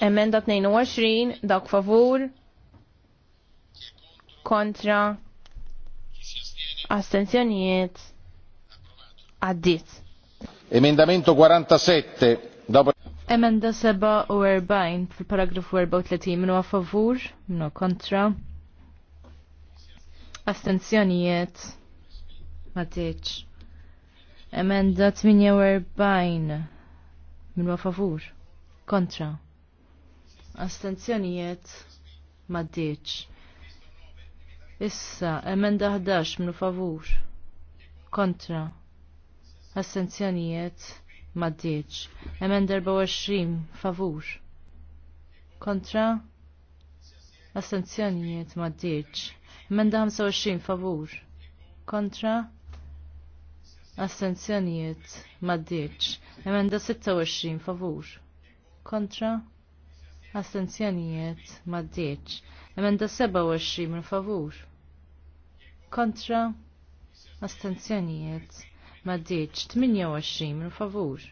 S4: Emenda 22, dak favur, kontra,
S1: Astenzjoniet. Addit.
S3: Emendamento 47, dopo...
S1: Emenda 47 fil-paragrafu 34 minu a favur, minu kontra, astenzjonijiet, matiċ. Emenda 48 minu a favur, kontra astenzjonijiet maddiċ. Issa, emenda 11 minu favur, kontra, astenzjonijiet maddiċ. Emenda 24 favur, kontra, astenzjonijiet maddiċ. Emenda 25 favur, kontra, astenzjonijiet maddiċ. Emenda 26 favur, kontra, Astenzjonijiet maddiċ. Emenda 27 minn favur. Kontra. Astenzjonijiet maddiċ. 28 minn favur.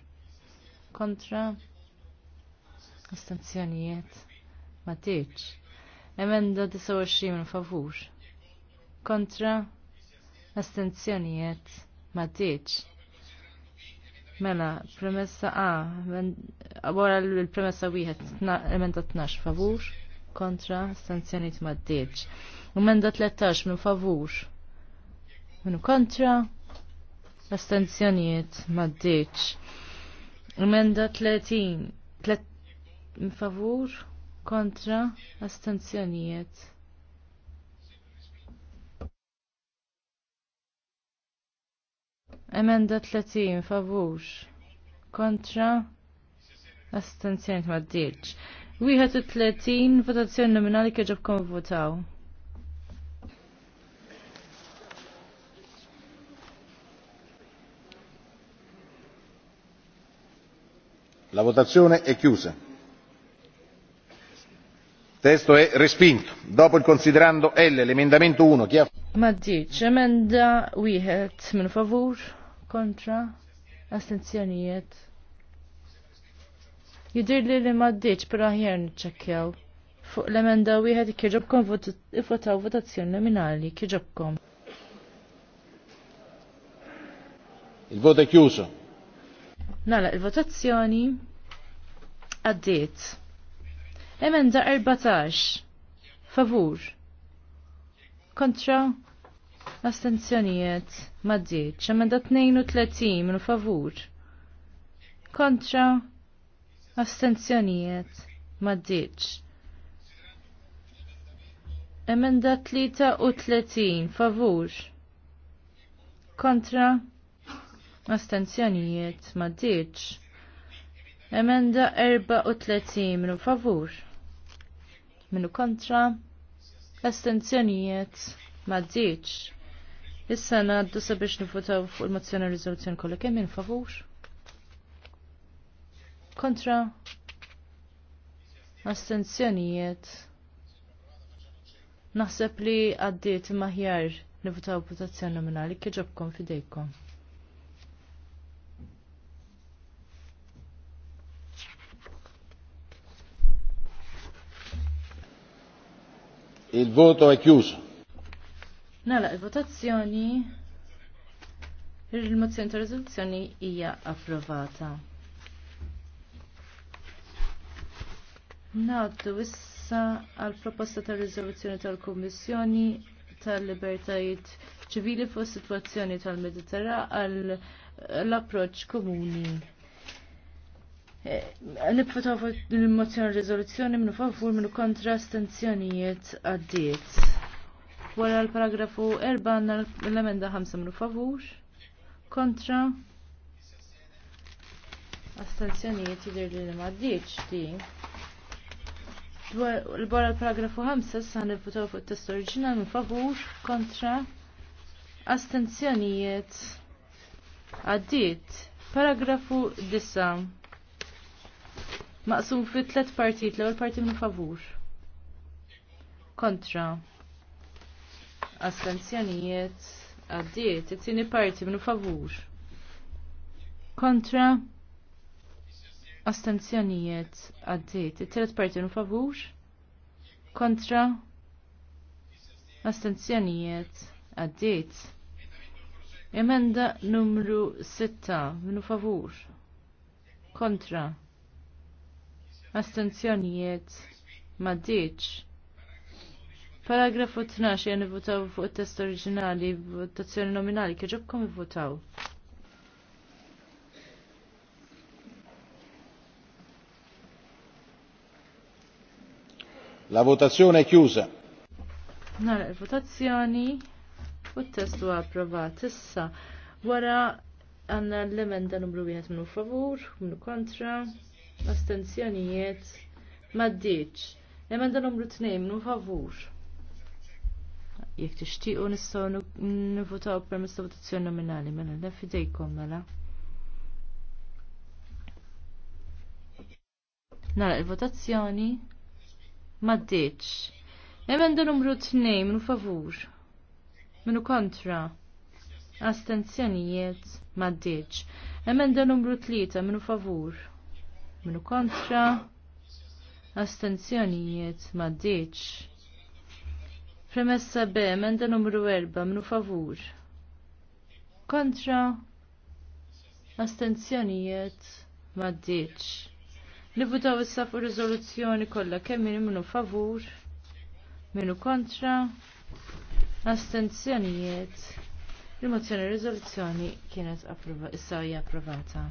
S1: Kontra. Astenzjonijiet maddiċ. Emenda 29 minn favur. Kontra. Astenzjonijiet maddiċ. Mela, premessa A, għabora l-premessa wieħed emenda 12 favur, kontra sanzjoniet maddiċ. Emenda 13 minn favur, minn kontra, astenzjoniet maddiċ. Emenda 30, minn favur, kontra, astenzjoniet Emenda 30 favur kontra astenzjoni ma' dirċ. 30, votazzjoni nominali kieġob kon votaw.
S3: La votazione è chiusa. Il testo è respinto. Dopo il considerando L, l'emendamento 1, chi ha...
S1: Ma dice, emenda 1, minn favur, kontra astenzjonijiet. Jidir li li maddiċ per aħjar nċekjaw. Fuq l-emenda wieħed kieġobkom votaw votazzjoni nominali, kieġobkom.
S3: Il-vota kjuso.
S1: Nala, il-votazzjoni għaddiet. Emenda 14. Favur. Kontra Astenzjonijiet maddiet. Emenda 32 minu favur. Kontra. Astenzjonijiet maddiet. Emenda 33 favur. Kontra. Astenzjonijiet maddiet. Emenda 34 minu favur. Minu kontra. Astenzjonijiet maddiet Is-sena għaddu sabiex nifutaw fuq il-mozzjoni rizoluzzjoni kollu kemm min favur? Kontra? Astenzjonijiet? Naħseb li għaddiet maħjar nifutaw votazzjoni nominali kieġobkom fidejkom.
S3: Il voto è chiuso.
S1: Nala il-votazzjoni il-mozzjoni ta' rezoluzzjoni hija approvata. Naddu issa għal proposta ta' riżoluzzjoni tal-Kummissjoni tal-Libertajiet ċivili fuq situazzjoni tal-Mediterra għall-approċċ komuni. E, Nipfotaw il-mozzjoni riżoluzzjoni minn favur minn kontra stenzjonijiet għaddiet wara l-paragrafu 4 għanna l-emenda 5 minu favur kontra astenzjonijiet jidir li maddiċ di. Wara l-paragrafu 5 san votaw fuq test oriġinali minn favur kontra astenzjonijiet għaddit. Paragrafu 9 maqsum fi tlet partijiet l-ewwel parti minn favur. Kontra astenzjonijiet għaddiet, it-tieni parti minnu favur. Kontra astenzjonijiet għaddiet, it-tielet parti minn favur. Kontra astenzjonijiet għaddiet. Emenda numru 6 minn favur. Kontra astenzjonijiet ma' diċ. Paragrafu 12 jen votaw fuq test oriġinali, votazzjoni nominali, kom votaw.
S3: La votazione è chiusa.
S1: Nara il-votazzjoni u t-test huwa approvat. Issa wara għandna l-emenda numru wieħed minu favur, minu kontra, astenzjonijiet, maddiċ. Emenda numru 2 minu favur, Jek tixtiqu nistgħu nivutaw permess ta' votazzjoni nominali mela dan fidejkom mela. Nara il-votazzjoni ma ddiċ. Emenda numru 2 minu favur. Minu kontra. Astenzjonijiet ma ddiċ. Emenda numru 3 minu favur. Minu kontra. Astenzjonijiet ma ddiċ. Premessa B, emenda numru 4, minu favur. Kontra, astenzjonijiet, maddiċ. Nibutaw issa fuq riżoluzzjoni kollha kemm min minnu favur, minu kontra, astenzjonijiet. Il-mozzjoni riżoluzzjoni kienet issa hija approvata.